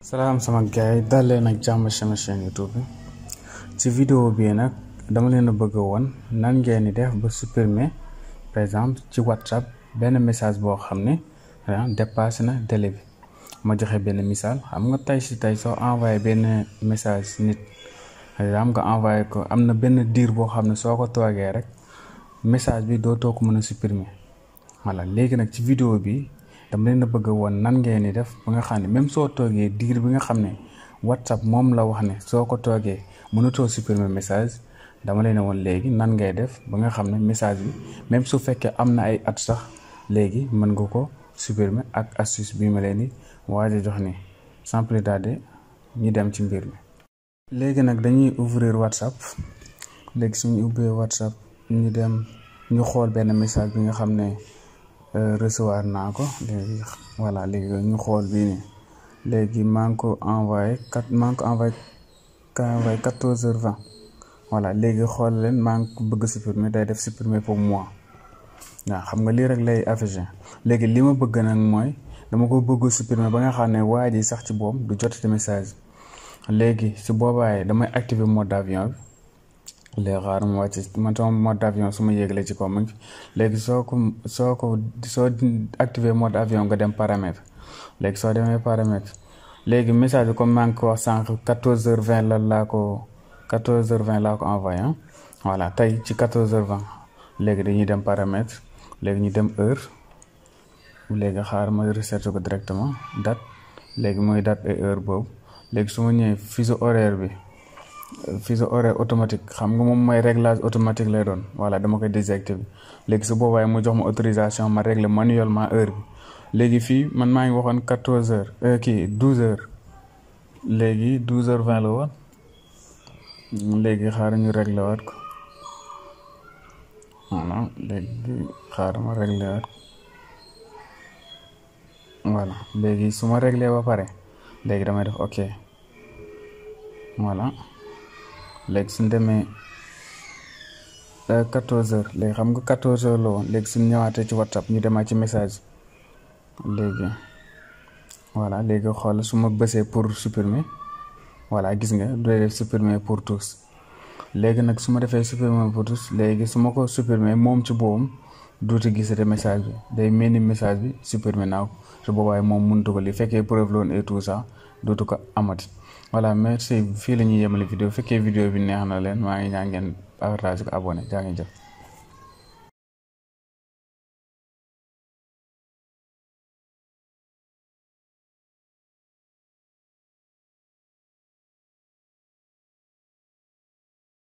salaam sama gars dalee daal leen ak jàmm sama YouTube bi ci vidéo bii nag dama leen a bëgg woon nan ngeen di def ba supprimer par exemple ci WhatsApp benn message boo xam ne ah, dépassé na délai bi ma joxe benn misaal xam nga tey si tey soo envoyé benn message nit xam nga envoyé ko am na benn diir boo xam ne soo ko toogee rek message bi doo too ko mën a supprimer voilà léegi nag ci vidéo bi dama leen a bëgg woon nan ngeen di def ba nga xam ne même soo toogee diir bi nga xam ne WhatsApp moom la wax ne soo ko toogee mënatoo supprimer message dama leen a woon léegi nan ngay def ba nga xam ne message bi même su fekkee am na ay at sax léegi mën nga ko supprimer ak astuce bi ma leen di waaj a jox ni sans plus tarder ñu dem ci mbir mi. léegi nag dañuy ouvrir WhatsApp léegi suñu ubbee WhatsApp ñu dem ñu xool benn message bi nga xam ne. recevoir naa ko léegi voilà léegi ñu xool bii nii léegi maa ngi ko envoyé quatre maa ngi ko envoyé envoyé heures vingt voilà léegi xool leen maa bëgg supprimer day def supprimer pour mois waaw xam nga lii rek lay affiché léegi li ma bëgg nag mooy dama ko bëgg supprimer ba nga xam ne waa ji sax ci boom du jotati message léegi su boobaa damay activer mode avion bi léegi xaar mu wàcc man sama mode avion su ma yéeglee ci kaw léegi soo ko soo ko soo activé mode avion nga dem paramètre léegi soo demee paramètre léegi message bi comme maa ngi ko wax sànq 14h20 la laa ko 14h20 laa ko envoyé ah. voilà tey ci 14h20 léegi dañuy dem paramètre léegi ñu dem heure léegi xaar ma recherche ko directement date léegi mooy date et heure boobu léegi su ma ñëwee fuseau horaire bi. fii sa horaire automatique xam nga moom mooy réglage automatique lay doon voilà dama koy désactiver léegi su boobaa mu jox ma autorisation ma régler manuellement heure bi léegi fii man maa ngi waxoon quatorze heures euh, kii douze heures léegi douze heures vingt la woon léegi xaar ñu régler waat xaar ma régler waat ko voilà léegi su ma régler ba pare léegi damay def ok voilà. léegi suñ demee euh, quatorze heures léegi xam nga quatorze heures la woon léegi suñ ñëwaatee ci whatsapp ñu demaa ci message léegi voilà léegi xool su ma bësee pour supprimer voilà gis nga doy def supprimer pour tous léegi nag su ma defee supprimer pour tous léegi su ma ko supprimer moom ci boobam duuti gisate message bi day mel ni message bi supprimer naa ko su boobaay moom mëntu ko li fekkee preuve loon et tout ça dootu ko amati voilà merci fii la ñuy yemale vidéo fekkee vidéo bi neex na leen maa ngi ñaa ngeen partage ko abonné jaa ngeen jëf